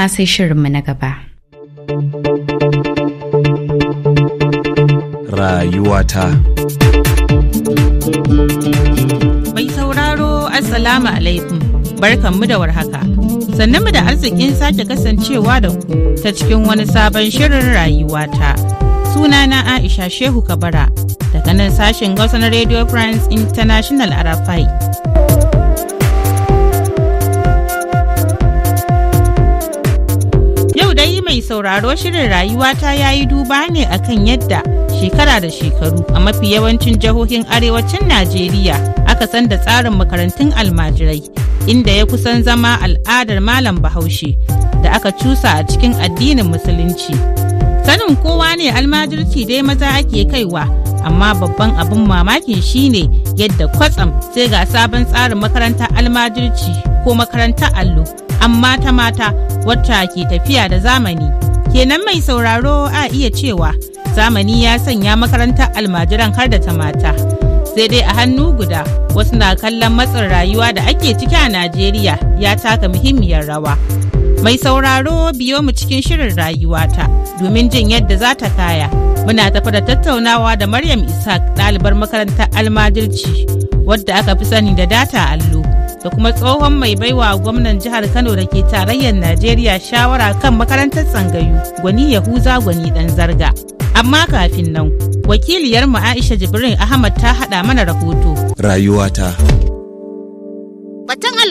kuma sai shirinmu na gaba. Rayuwata Mai sauraro Assalamu alaikum barkanmu da warhaka. Sannan mu da arzikin sake kasancewa da ku ta cikin wani sabon shirin rayuwata. Sunana Aisha Shehu Kabara daga nan sashen Gausa na Radio France International Arafai. sauraro shirin rayuwata ya yi duba ne akan yadda shekara da shekaru a mafi yawancin jihohin arewacin Najeriya aka san da tsarin makarantun almajirai inda ya kusan zama al'adar malam bahaushe da aka cusa a cikin addinin musulunci. Sanin kowa ne almajirci dai maza ake kaiwa amma babban abin mamakin shine yadda kwatsam sai ga sabon tsarin makarantar almajirci ko makarantar allo amma ta mata wacce ke tafiya da zamani kenan mai sauraro a iya cewa zamani ya sanya makarantar almajiran har da ta mata sai dai a hannu guda wasu na kallon matsin rayuwa da ake ciki a najeriya ya taka muhimmiyar rawa mai sauraro biyo mu cikin shirin rayuwata domin jin yadda za ta kaya muna tafi da tattaunawa da maryam isaac ɗalibar makarantar almajirci wadda aka fi sani da data allo da kuma tsohon mai baiwa gwamnan jihar Kano da ke tarayyar Najeriya shawara kan makarantar tsangayu gwani Yahuza gwani dan zarga. Amma kafin nan, wakiliyar mu Aisha Jibrin Ahmad ta haɗa mana rahoto. Rayuwata.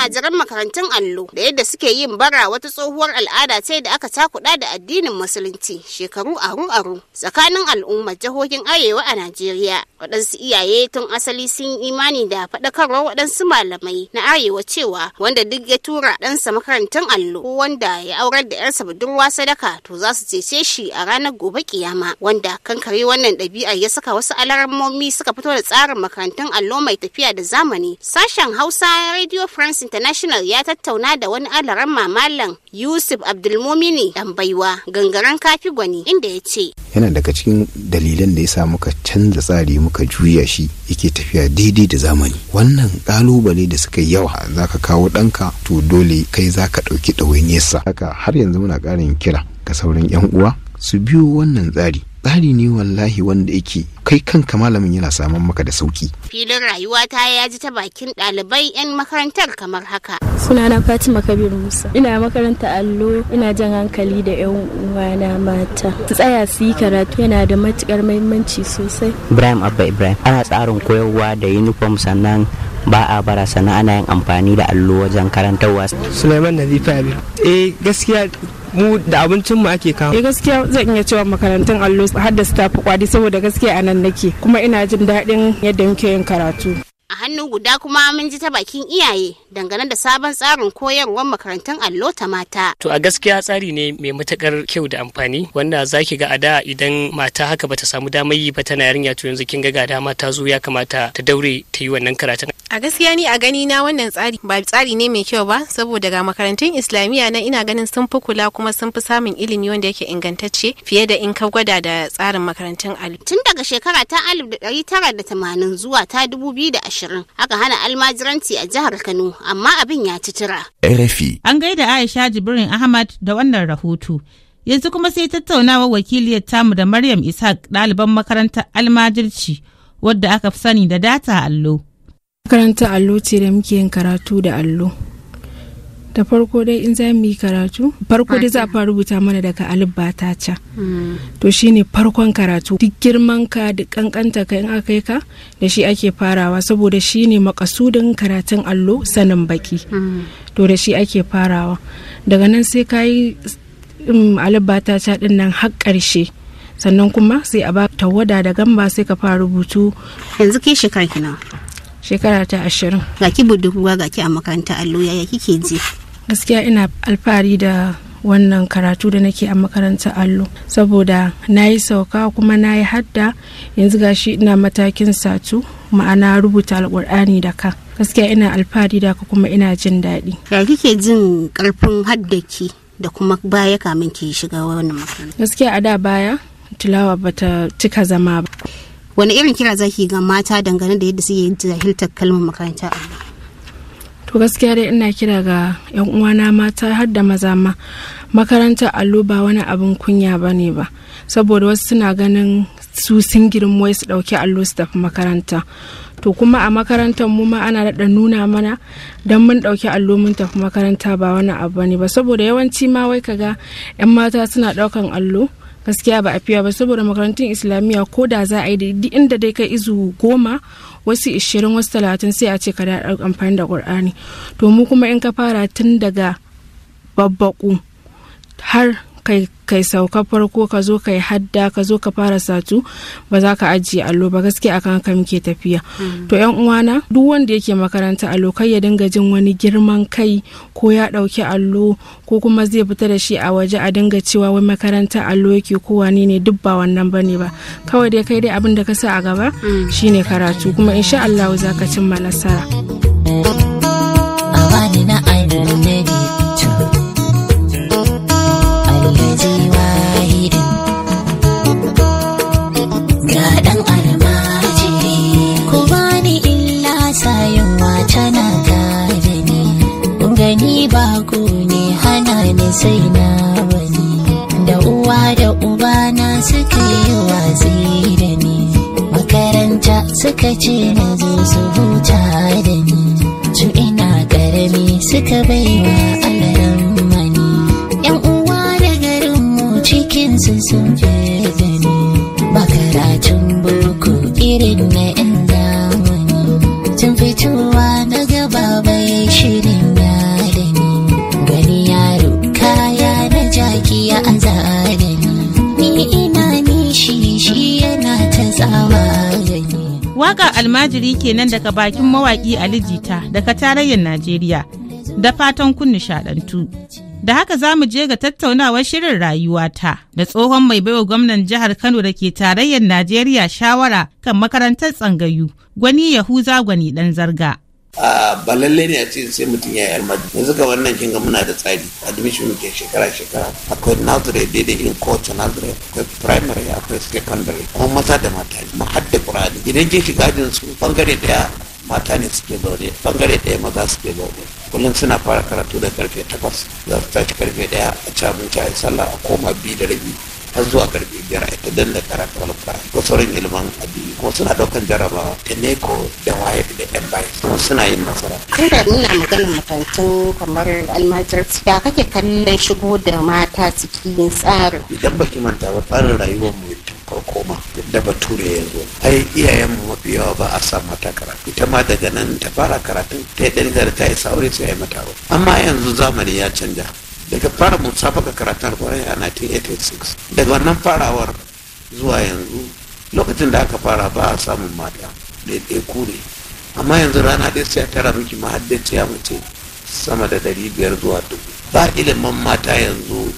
almajiran makarantun allo da yadda suke yin bara wata tsohuwar al'ada ce da aka takuda da addinin musulunci shekaru aru aru tsakanin al'ummar jihohin arewa a najeriya waɗansu iyaye tun asali sun imani da faɗakarwa waɗansu malamai na arewa cewa wanda duk ya tura ɗansa makarantun allo ko wanda ya aurar da yarsa budurwa sadaka to za su cece shi a ranar gobe kiyama wanda kankare wannan ɗabi'ar ya saka wasu alarmomi suka fito da tsarin makarantun allo mai tafiya da zamani sashen hausa radio france International ya tattauna da wani alaran mamallan Yusuf Abdulmumini dan baiwa gangaren kafi gwani inda ya ce. Yana daga cikin dalilan da ya sa muka canza tsari muka juya shi yake tafiya daidai da zamani. Wannan kalubale da suka yawa za ka kawo ɗanka to dole kai za ka ɗauki ɗawainiyarsa. Haka har yanzu muna ƙarin kira ga sauran 'yan uwa su biyo wannan tsari tsari ne wallahi wanda yake kai kanka malamin yana saman maka da sauki. Filin rayuwa ta ya ji ta bakin ɗalibai 'yan makarantar kamar haka. Sunana Fatima Kabir Musa. Ina makaranta allo ina jan hankali da 'yan uwana mata. Su tsaya su yi karatu yana da matukar mahimmanci sosai. Ibrahim Abba Ibrahim. Ana tsarin koyarwa da uniform sannan ba a bara sannan ana yin amfani da allo wajen karantarwa. Suleiman Nazifa Abir. Eh gaskiya mu da abincin mu ake kawo eh gaskiya zan iya cewa makarantun allo har da staff kwadi saboda gaskiya anan nake kuma ina jin daɗin yadda muke yin karatu a hannun guda kuma mun ji ta bakin iyaye dangane da sabon tsarin koyarwar makarantun allo ta mata. To a gaskiya tsari ne mai matakar kyau da amfani wanda zaki ga a da idan mata haka bata samu damar yi ba tana yarinya to yanzu kin ga ga dama ta zo ya kamata ta daure ta yi wannan karatun. a gaskiya ni a gani na wannan tsari ba tsari ne mai kyau ba saboda ga makarantun islamiyya na ina ganin sun fi kula kuma sun fi samun ilimi wanda yake ingantacce fiye da in ka gwada da tsarin makarantun alu tun daga shekara ta alif da ɗari tara da tamanin zuwa ta dubu biyu da ashirin aka hana almajiranci a jihar kano amma abin ya ci tura. rfi an gaida aisha jibrin ahmad da wannan rahoto yanzu kuma sai tattaunawa wakiliyar tamu da maryam ishaq ɗaliban makarantar almajirci wadda aka fi sani da data allo. makaranta allo ce da muke yin karatu da allo da farko dai in za mu yi karatu farko dai za a rubuta mana daga alif ba ta ca to shine farkon karatu duk girman ka da kankanta ka in aka yi ka da shi ake farawa saboda shine makasudin karatun allo sanin baki to da shi ake farawa daga nan sai ka yi um, alif ta ca din nan har karshe sannan kuma sai a ba tawada da gamba sai ka fara rubutu yanzu ke shekara kina shekara ta ashirin ga ki budurwa ga ki a makaranta allo yaya kike ji gaskiya ina alfahari da wannan karatu da nake a makaranta allo saboda na yi sauka kuma na yi hadda yanzu gashi ina matakin satu ma'ana rubuta alkur'ani da ka gaskiya ina alfahari da ka kuma ina jin daɗi ya kike jin karfin haddaki da kuma baya kamin ki shiga wannan makaranta gaskiya a da baya tilawa bata cika zama ba wani irin kira zaki ga mata dangane da yadda suke jahiltar kalmar makaranta to gaskiya dai ina kira ga yan uwana mata har da maza ma makarantar allo ba wani abin kunya ba ne ba saboda wasu suna ganin su sun girma wai su dauki allo su tafi makaranta to kuma a makarantar mu ma ana daɗa nuna mana don mun ɗauki allo mun tafi makaranta ba wani abu ne ba saboda yawanci ma wai kaga 'yan mata suna ɗaukan allo gaskiya ba a fiya ba saboda makarantun islamiyya ko da za a yi da inda dai kai izu goma wasu ishirin wasu talatin sai a ce ka da amfani da ƙur'ani to mu kuma in ka fara tun daga babbaku har kai kai sauka farko ka zo kai hadda ka zo ka fara satu ba za ka ajiye allo ba gaskiya akan ka muke tafiya mm. to yan uwana duk wanda yake makaranta allo kai ya dinga jin wani girman kai ko ya dauki allo ko kuma zai fita da shi a waje a dinga cewa wai makaranta allo yake ko wani ne duk ba wannan bane ba kawai dai kai dai abin da ka sa a gaba mm. shine karatu kuma insha Allah za ka cimma nasara. uwa da uba na suka yi watsi da ni makaranta suka ce na zo su huta da ni tun ina karami suka baiwa alaran mani yan uwa da garin mu cikin sun sun da ni ba boko irin na Waƙa almajiri kenan daga bakin mawaƙi Ali Jita daga tarayyar Najeriya da fatan kun nishadantu Da haka za mu je ga tattaunawar shirin rayuwata da tsohon mai baiwa gwamnan jihar Kano da ke tarayyar Najeriya shawara kan makarantar tsangayu gwani Yahuza gwani dan zarga. a ba lalle ne a ce sai mutum ya yi almaji yanzu suka wannan kinga muna da tsari admission muke shekara shekara akwai nazare daidai irin kowace nazare. akwai primary akwai secondary kuma maza da mata Ma har da kurani idan kin shiga ajin su bangare daya mata ne suke zaune bangare daya maza suke zaune kullum suna fara karatu da karfe takwas za su karfe daya a ci abinci a yi sallah a koma biyu da rabi har zuwa karfe biyar a ita dalla karatu alfara ko sauran ilimin addini kuma suna daukan jarabawa teneco da waye da yan bayan kuma suna yin nasara. kai da nuna maganin makarantun kamar almajirci Ya kake kallon shigo da mata cikin tsari. idan baki manta ba tsarin rayuwar mu farko ma da bature ya zo ai iyayen mu mafi yawa ba a sa mata karatu ita ma daga nan ta fara karatun. ta yi dalgar ta yi sauri sai ya mata ba amma yanzu zamani ya canja daga fara musabaka karatar alkurai a 1986 daga wannan farawar zuwa yanzu lokacin da aka fara ba a samun mata ɗaiɗaiku ne amma yanzu rana ɗaya sai a tara miki mahaddaciya mace sama da ɗari biyar zuwa dubu ba ilimin mata yanzu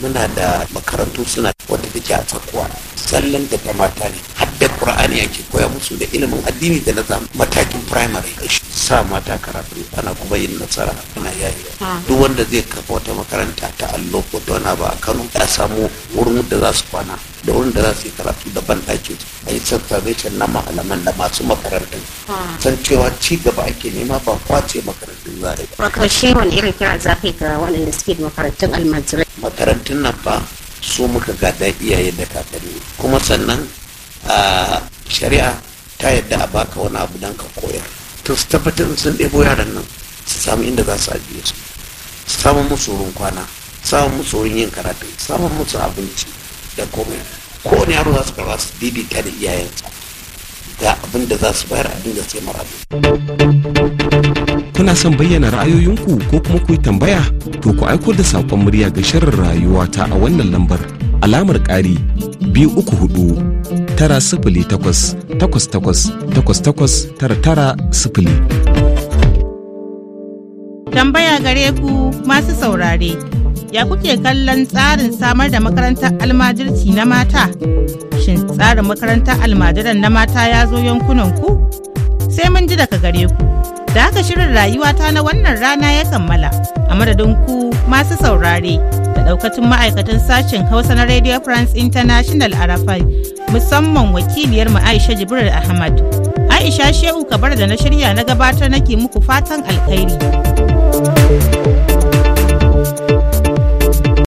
muna da makarantu suna wadda take a tsakuwa tsallan da mata ne haddar ƙura'ani ake koya musu da ilimin addini da na matakin primary sa mata karatu ana kuma yin nasara ana yayi duk wanda zai kafa wata makaranta ta allo ko dona ba a Kano ya samu wurin da za su kwana da wurin da za su yi karatu da ban ɗaki a yi sassabe na malaman da masu makarantun san cewa ci gaba ake nema ba kwace makarantun za a yi. Makarshe wani irin kira za ga waɗanda suke makarantun almajirai. Makarantun nan ba su muka gada iyaye da kakanni kuma sannan a shari'a ta yadda a baka wani abu don ka koyar to su tabbatar sun ɗebo yaran nan su samu inda za su ajiye su samun musu wurin kwana samun musu wurin yin karatu samun musu abinci da komai wani yaro za su karba su bibita da iyayensa ga abin da za su bayar abin da sai mara kuna son bayyana ra'ayoyinku ko kuma ku yi tambaya to ku aiko da saƙon murya ga shirin rayuwa ta a wannan lambar alamar ƙari biyu uku hudu tara sifili takwas takwas takwas takwas takwas tara tara sifili. Tambaya gare ku masu saurare, ya kuke kallon tsarin samar da makarantar almajirci na mata? Shin tsarin makarantar almajiran na mata ya zo yankunan ku? Sai mun ji daga gare ku. da haka shirin rayuwata na wannan rana ya kammala a madadin ku masu saurare da daukacin ma'aikatan sashen hausa na radio france international arafai musamman wakiliyar mu aisha jibril ahmad aisha shehu kabar da na shirya na gabatar nake muku fatan alkhairi